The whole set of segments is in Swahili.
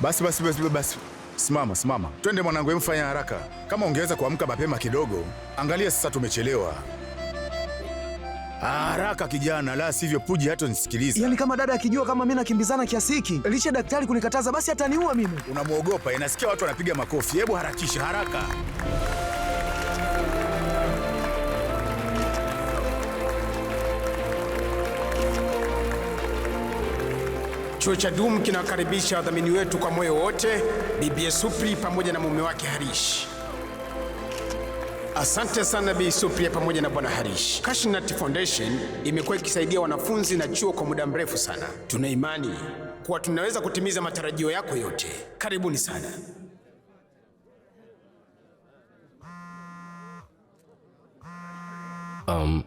Basi basi basi basi, simama simama, twende mwanangu, emfanya haraka. Kama ungeweza kuamka mapema kidogo. Angalia sasa, tumechelewa. Haraka kijana, la sivyo Puji hata nisikilize. Yaani kama dada akijua kama mimi nakimbizana kiasi hiki, licha daktari kunikataza, basi ataniua mimi. Unamwogopa? Inasikia watu wanapiga makofi. Hebu harakisha haraka. Chuo cha DUM kinawakaribisha wadhamini wetu kwa moyo wote, Bibi Supri pamoja na mume wake Harish. Asante sana Bi Supria pamoja na Bwana Harish. Kashnat Foundation imekuwa ikisaidia wanafunzi na chuo kwa muda mrefu sana. Tuna imani kuwa tunaweza kutimiza matarajio yako yote. Karibuni sana. Um,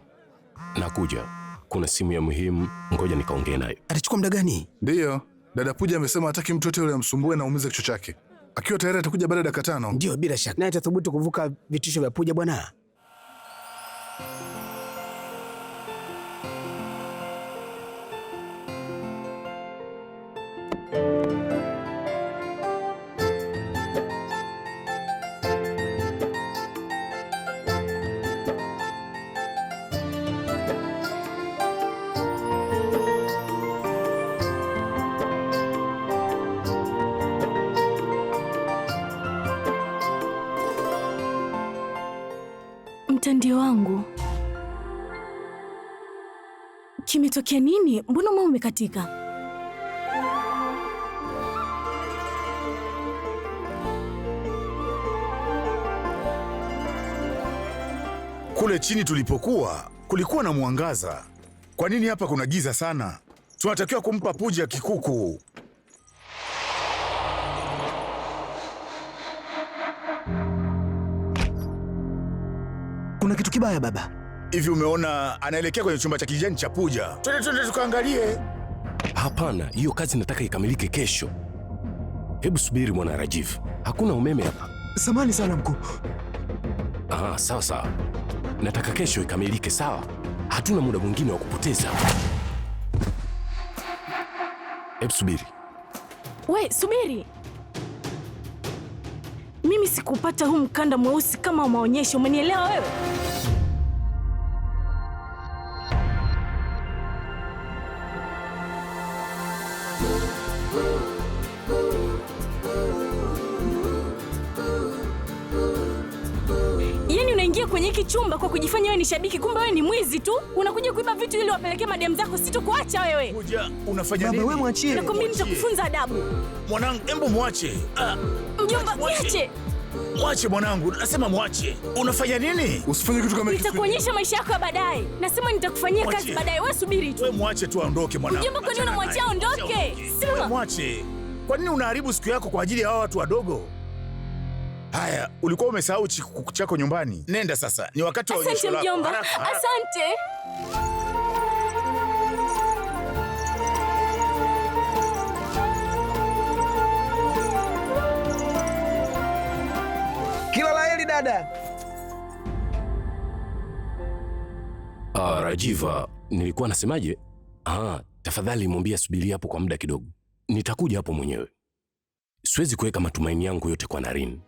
nakuja kuna simu ya muhimu, ngoja nikaongee nayo. Atachukua muda gani? Ndiyo, dada Puja amesema hataki mtu yote yule amsumbue na umize kichwa chake. Akiwa tayari atakuja baada ya dakika tano. Ndio, bila shaka naye atathubutu kuvuka vitisho vya Puja bwana. Kimetokea nini? Mbona mwa umekatika? Kule chini tulipokuwa kulikuwa na mwangaza. Kwa nini hapa kuna giza sana? Tunatakiwa kumpa puja kikuku. Kuna kitu kibaya baba. Hivi umeona anaelekea kwenye chumba cha kijani cha Puja. Twende twende tukaangalie. Hapana, hiyo kazi nataka ikamilike kesho. Hebu subiri mwana Rajiv, hakuna umeme hapa. Samani sana mkuu. Ah, sawa sawa, nataka kesho ikamilike. Sawa, hatuna muda mwingine wa kupoteza. Hebu subiri. We subiri, mimi sikupata huu mkanda mweusi kama maonyesho, umenielewa wewe? hiki chumba kwa kujifanya wewe ni shabiki, kumbe wewe ni mwizi tu, unakuja kuiba vitu ili wapelekee mademu zako. Sitokuacha wewe. Ngoja, unafanya nini? Baba Wewe mwachie. Na kumbe nitakufunza adabu. Mwanangu, embo mwache. Ah, Mjomba, mwache. Mwache mwanangu, nasema mwache. Unafanya nini? Usifanye kitu kama hicho. Nitakuonyesha maisha yako ya baadaye. Nasema nitakufanyia kazi baadaye. Wewe subiri tu. Wewe mwache tu aondoke mwanangu. Mjomba, kwa nini unamwachia aondoke? Sema. Mwache. Kwa nini unaharibu siku yako kwa ajili ya hao watu wadogo? Haya, ulikuwa umesahau chikuku chako nyumbani. Nenda sasa, ni wakati wa onyesho lako. Asante mjomba, asante. Kila la heri dada. Ah, Rajiva, nilikuwa nasemaje? Ah, tafadhali mwambie asubiri hapo kwa muda kidogo, nitakuja hapo mwenyewe siwezi kuweka matumaini yangu yote kwa Naren.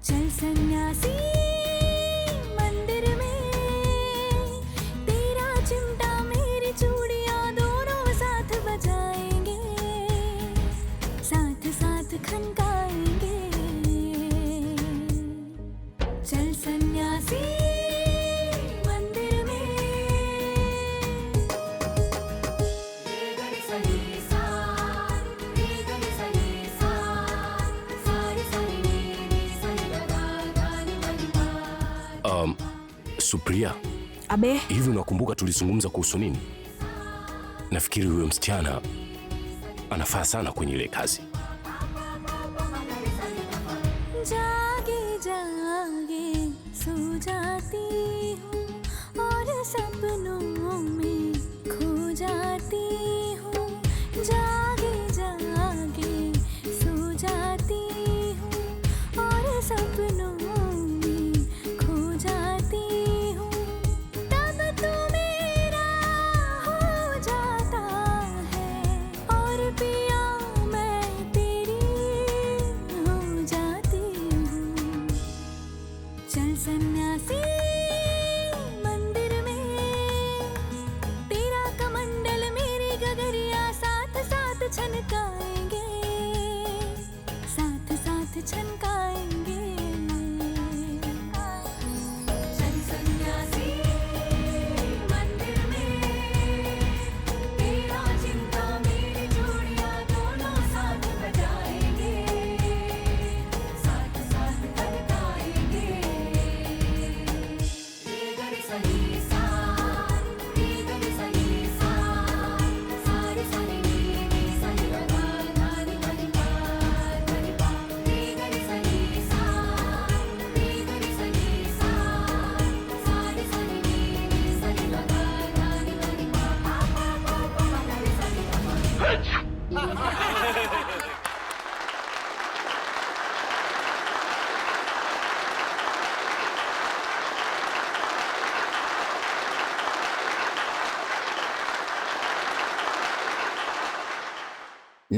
走，天涯。Priya, abe, hivi unakumbuka tulizungumza kuhusu nini? Nafikiri huyo msichana anafaa sana kwenye ile kazi.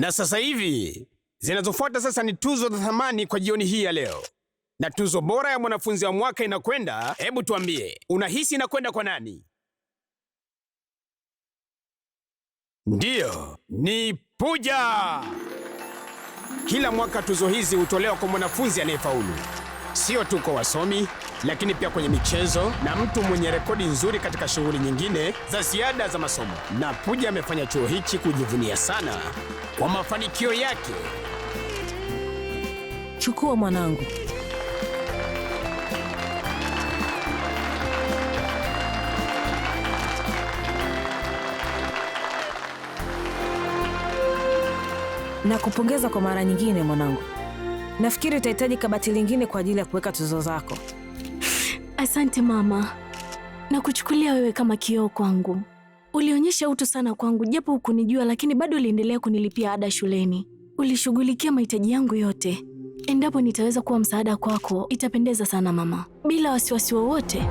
Na sasa hivi zinazofuata sasa ni tuzo za thamani kwa jioni hii ya leo, na tuzo bora ya mwanafunzi wa mwaka inakwenda. Hebu tuambie, unahisi inakwenda kwa nani? Ndiyo, ni Pooja. Kila mwaka tuzo hizi hutolewa kwa mwanafunzi anayefaulu sio tu kwa wasomi, lakini pia kwenye michezo na mtu mwenye rekodi nzuri katika shughuli nyingine za ziada za masomo. Na Puja amefanya chuo hichi kujivunia sana kwa mafanikio yake. Chukua mwanangu. Nakupongeza kwa mara nyingine mwanangu. Nafikiri utahitaji kabati lingine kwa ajili ya kuweka tuzo zako. Asante mama, nakuchukulia wewe kama kioo kwangu. Ulionyesha utu sana kwangu, japo hukunijua, lakini bado uliendelea kunilipia ada shuleni. Ulishughulikia mahitaji yangu yote. Endapo nitaweza kuwa msaada kwako, itapendeza sana mama, bila wasiwasi wowote.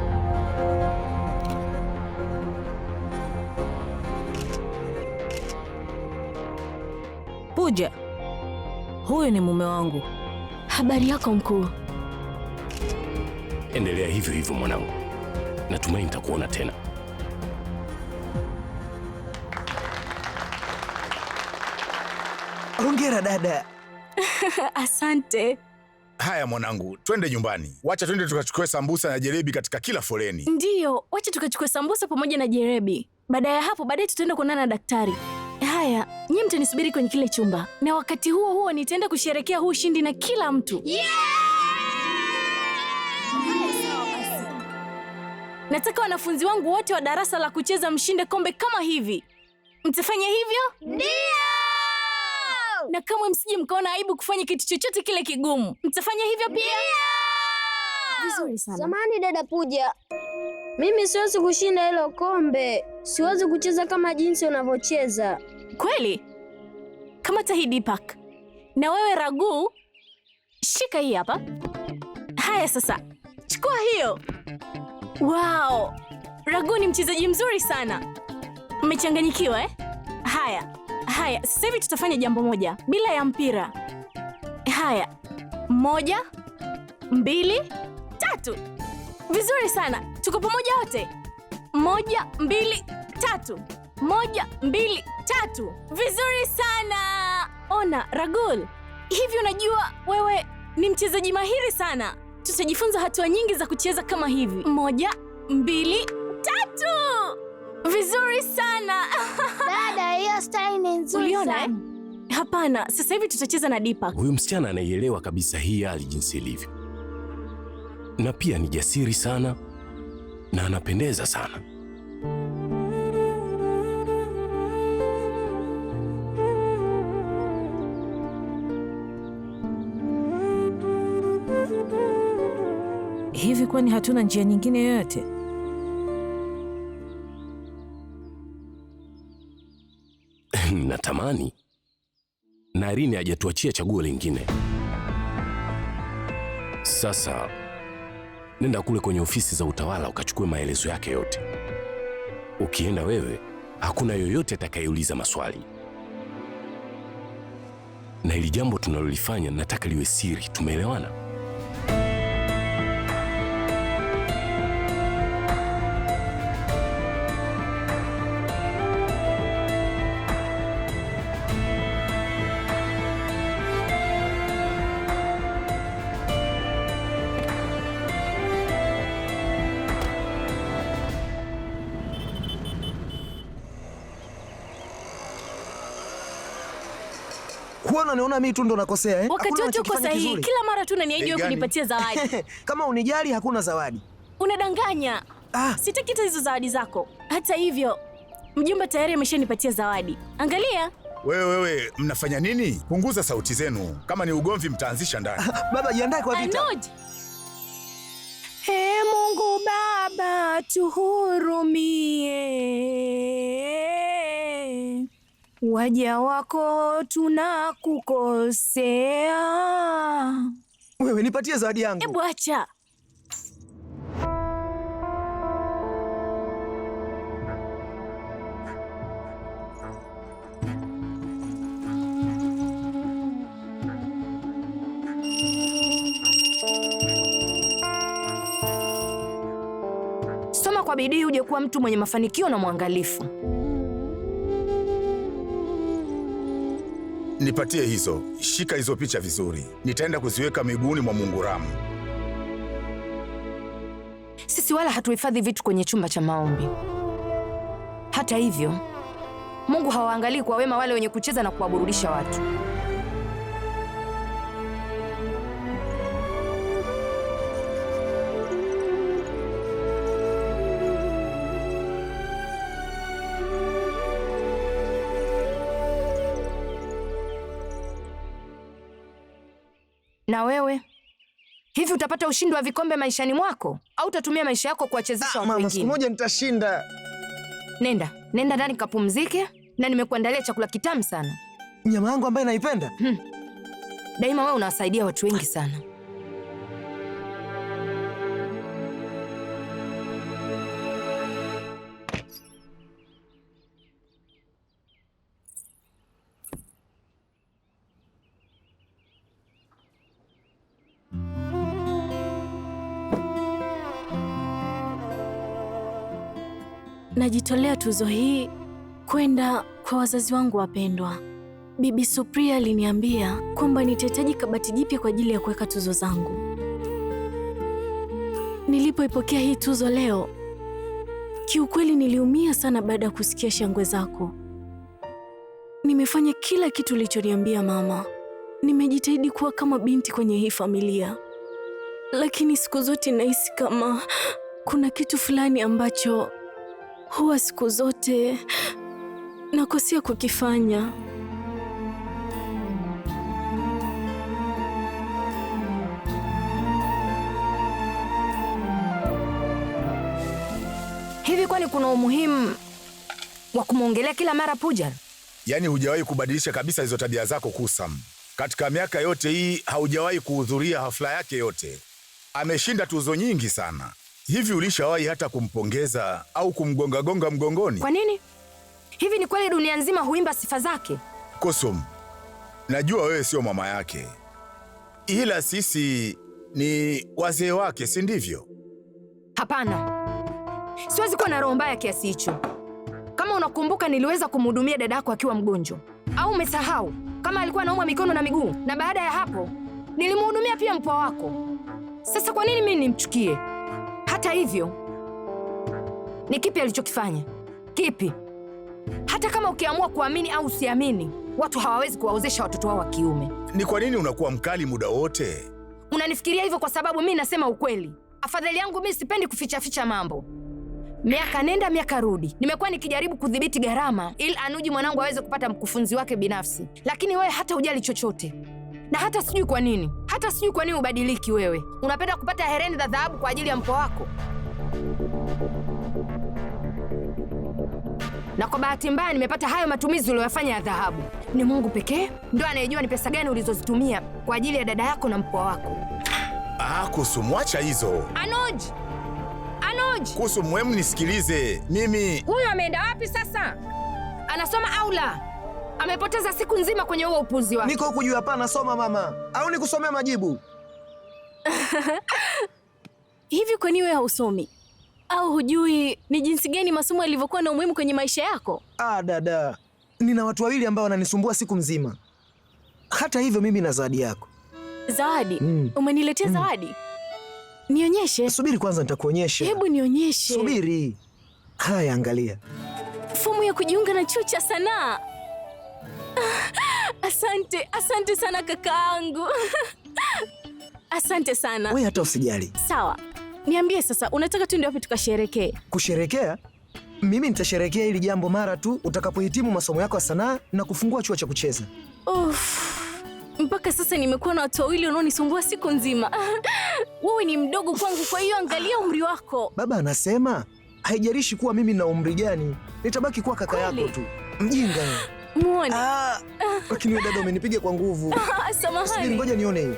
Puja, huyu ni mume wangu. Habari yako mkuu. Endelea hivyo hivyo mwanangu, natumai nitakuona tena. Hongera dada. Asante. Haya mwanangu, twende nyumbani. Wacha twende tukachukue sambusa na jerebi katika kila foleni. Ndiyo, wacha tukachukue sambusa pamoja na jerebi. Baada ya hapo, baadaye tutaenda kuonana na daktari. Haya, nyie mtanisubiri kwenye kile chumba, na wakati huo huo nitaenda kusherekea huu ushindi na kila mtu yeah! Nataka wanafunzi wangu wote wa darasa la kucheza mshinde kombe kama hivi. Mtafanya hivyo? Ndio! Na kamwe msije mkaona aibu kufanya kitu chochote kile kigumu. Mtafanya hivyo pia? Ndio! Vizuri sana. Samahani dada Pooja. Mimi siwezi kushinda hilo kombe, siwezi kucheza kama jinsi unavyocheza. Kweli kama Tahidi Park. Na wewe Raguu, shika hii hapa. Haya sasa, chukua hiyo. Wow, Raguu ni mchezaji mzuri sana. Mmechanganyikiwa eh? Haya haya, sasa hivi tutafanya jambo moja bila ya mpira. Haya, moja, mbili, tatu. Vizuri sana. Tuko pamoja wote? Moja, mbili, tatu. Moja, mbili, tatu. Vizuri sana. Ona, Ragul, hivi unajua wewe ni mchezaji mahiri sana. Tutajifunza hatua nyingi za kucheza kama hivi. Moja, mbili, tatu. Vizuri sana. Dada, hiyo style ni nzuri sana. Eh? Hapana, sasa hivi tutacheza na Dipa. Huyu msichana anaielewa kabisa hii hali jinsi ilivyo, na pia ni jasiri sana na anapendeza sana. Hivi kwani hatuna njia nyingine yoyote? Natamani Naren hajatuachia chaguo lingine sasa nenda kule kwenye ofisi za utawala ukachukue maelezo yake yote. Ukienda wewe, hakuna yoyote atakayeuliza maswali, na hili jambo tunalolifanya nataka liwe siri. Tumeelewana? unaona mimi tu ndo nakosea eh? Wakati wote uko sahihi, kila mara tu unaniahidi wewe kunipatia zawadi. Kama unijali hakuna zawadi. Unadanganya. Ah. Sitaki hizo zawadi zako. Hata hivyo, mjumbe tayari ameshanipatia zawadi. Angalia. Wewe wewe, mnafanya nini? Punguza sauti zenu. Kama ni ugomvi mtaanzisha ndani. Ah, baba, jiandae kwa vita. Arnold. Mungu Baba, tuhurumie waja wako tunakukosea. Wewe nipatie zawadi yangu. Hebu acha soma kwa bidii uje kuwa mtu mwenye mafanikio na mwangalifu. Nipatie hizo, shika hizo picha vizuri, nitaenda kuziweka miguuni mwa mungu ramu Sisi wala hatuhifadhi vitu kwenye chumba cha maombi. Hata hivyo, Mungu hawaangalii kwa wema wale wenye kucheza na kuwaburudisha watu. Na wewe hivi utapata ushindi wa vikombe maishani mwako au utatumia maisha yako kuwachezesha ah, watu wengine? Mama, siku moja nitashinda. Nenda, nenda ndani kapumzike, na nimekuandalia chakula kitamu sana, nyama yangu ambayo naipenda. Hmm, daima wewe unawasaidia watu wengi sana. Najitolea tuzo hii kwenda kwa wazazi wangu wapendwa. Bibi Supriya aliniambia kwamba nitahitaji kabati jipya kwa ajili ya kuweka tuzo zangu. Nilipoipokea hii tuzo leo, kiukweli niliumia sana baada ya kusikia shangwe zako. Nimefanya kila kitu ulichoniambia mama. Nimejitahidi kuwa kama binti kwenye hii familia, lakini siku zote nahisi kama kuna kitu fulani ambacho huwa siku zote nakosea kukifanya. Hivi kwani kuna umuhimu wa kumwongelea kila mara Puja? Yaani hujawahi kubadilisha kabisa hizo tabia zako Kusam. Katika miaka yote hii haujawahi kuhudhuria hafla yake yote. Ameshinda tuzo nyingi sana. Hivi ulishawahi hata kumpongeza au kumgongagonga mgongoni? Kwa nini? Hivi ni kweli dunia nzima huimba sifa zake? Kosom, najua wewe sio mama yake, ila sisi ni wazee wake, si ndivyo? Hapana, siwezi kuwa na roho mbaya kiasi hicho. Kama unakumbuka, niliweza kumhudumia dada yako akiwa mgonjwa, au umesahau? Kama alikuwa anaumwa mikono na miguu, na baada ya hapo nilimhudumia pia mpwa wako. Sasa kwa nini mimi nimchukie? Hata hivyo, ni kipi alichokifanya? Kipi? Hata kama ukiamua kuamini au usiamini, watu hawawezi kuwaozesha watoto wao wa kiume. Ni kwa nini unakuwa mkali muda wote? Unanifikiria hivyo kwa sababu mi nasema ukweli. Afadhali yangu mi sipendi kufichaficha mambo. Miaka nenda miaka rudi, nimekuwa nikijaribu kudhibiti gharama ili Anuji mwanangu aweze kupata mkufunzi wake binafsi, lakini wewe hata ujali chochote na hata sijui kwa nini, hata sijui kwa nini ubadiliki wewe. Unapenda kupata hereni za dhahabu kwa ajili ya mkwe wako, na kwa bahati mbaya nimepata hayo matumizi uliyoyafanya ya dhahabu. Ni Mungu pekee ndo anayejua ni pesa gani ulizozitumia kwa ajili ya dada yako na mkwe wako. Ah, kuhusu mwacha hizo Anuj, Anuj, kuhusu mwemu, nisikilize mimi. huyu ameenda wapi sasa? Anasoma au la? Amepoteza siku nzima kwenye huo upuzi wake. Niko huku juu, hapana soma mama, au nikusomea majibu? Hivi kwani wewe hausomi au hujui ni jinsi gani masomo yalivyokuwa na umuhimu kwenye maisha yako? Ah, dada, nina watu wawili ambao wananisumbua siku nzima. Hata hivyo mimi na zawadi yako. Zawadi? Mm. Umeniletea mm. zawadi? Nionyeshe. Subiri kwanza, nitakuonyesha. Hebu nionyeshe. Subiri. Haya, angalia fomu ya kujiunga na chuo cha sanaa. Asante, asante sana kakaangu. Asante sana. Wewe hata usijali. Sawa. Niambie sasa, unataka tuende wapi tukasherekee? Kusherekea? Mimi nitasherekea hili jambo mara tu utakapohitimu masomo yako ya sanaa na kufungua chuo cha kucheza. Uf. Mpaka sasa nimekuwa na watu wawili wanaonisumbua siku nzima. Wewe ni mdogo kwangu, kwa hiyo angalia umri wako. Baba anasema haijalishi kuwa mimi na umri gani, nitabaki kuwa kaka yako tu. Mjinga. Muone. Ah, lakini wewe dada umenipiga kwa nguvu. Samahani. Ngoja nione hiyo.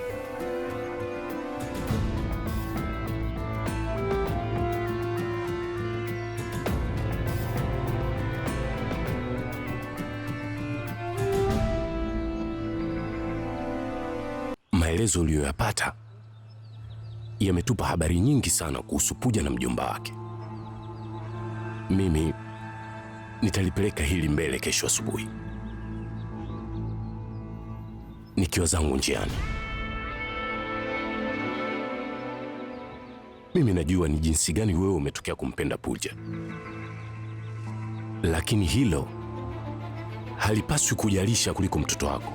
Maelezo uliyoyapata yametupa habari nyingi sana kuhusu Pooja na mjomba wake. Mimi nitalipeleka hili mbele kesho asubuhi. Nikiwa zangu njiani, mimi najua ni jinsi gani wewe umetokea kumpenda Pooja, lakini hilo halipaswi kujalisha kuliko mtoto wako.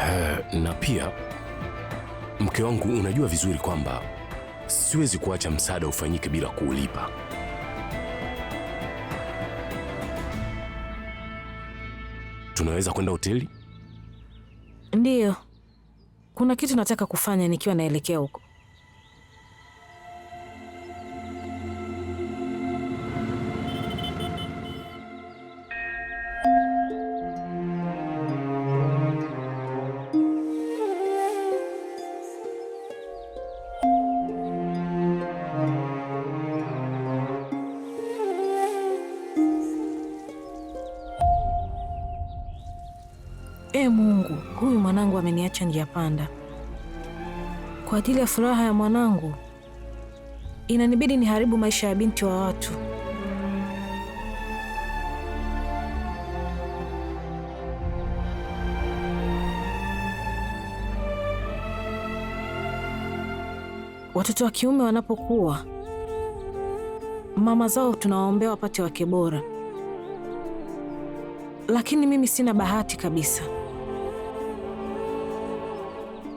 Eh, na pia mke wangu, unajua vizuri kwamba siwezi kuacha msaada ufanyike bila kuulipa. Tunaweza kwenda hoteli? Ndiyo, kuna kitu nataka kufanya nikiwa naelekea huko. E Mungu, huyu mwanangu ameniacha njia panda. Kwa ajili ya furaha ya mwanangu inanibidi niharibu maisha ya binti wa watu. Watoto wa kiume wanapokuwa, mama zao tunawaombea wapate wake bora, lakini mimi sina bahati kabisa.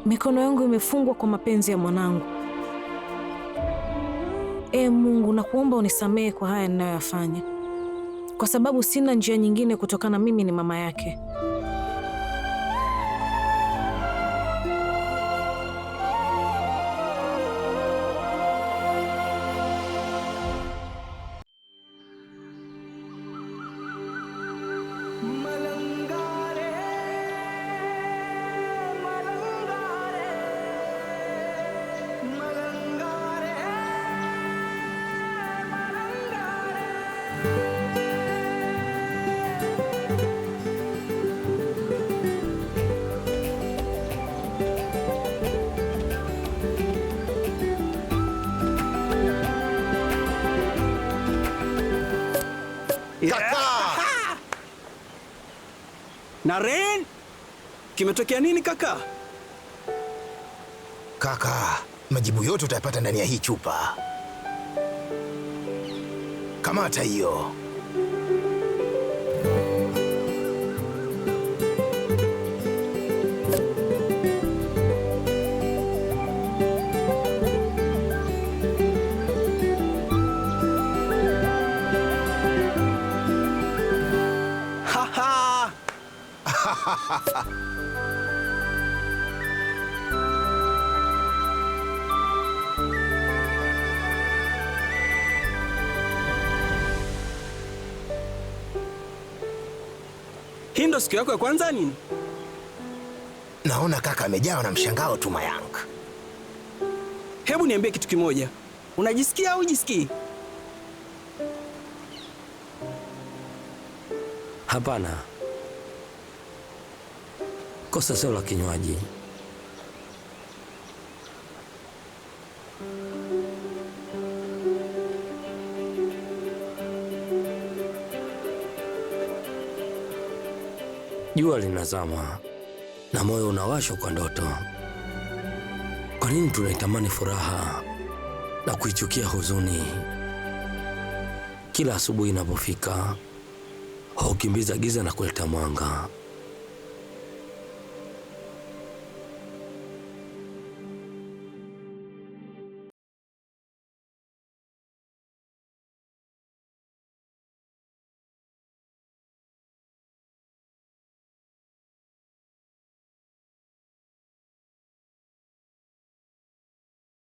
Mikono yangu imefungwa kwa mapenzi ya mwanangu. Ee Mungu, nakuomba unisamehe kwa haya ninayoyafanya, kwa sababu sina njia nyingine, kutokana mimi ni mama yake. Kaka! Naren, kimetokea nini kaka? Kaka, majibu yote utayapata ndani ya hii chupa. Kamata hiyo. Hii ndo siku yako ya kwanza nini? Naona kaka amejawa na mshangao tu Mayank. Hebu niambie kitu kimoja, unajisikia au ujisikii? Hapana kosa sio la kinywaji. Jua linazama na moyo unawashwa kwa ndoto. Kwa nini tunaitamani furaha na kuichukia huzuni? Kila asubuhi inapofika, haukimbiza giza na kuleta mwanga.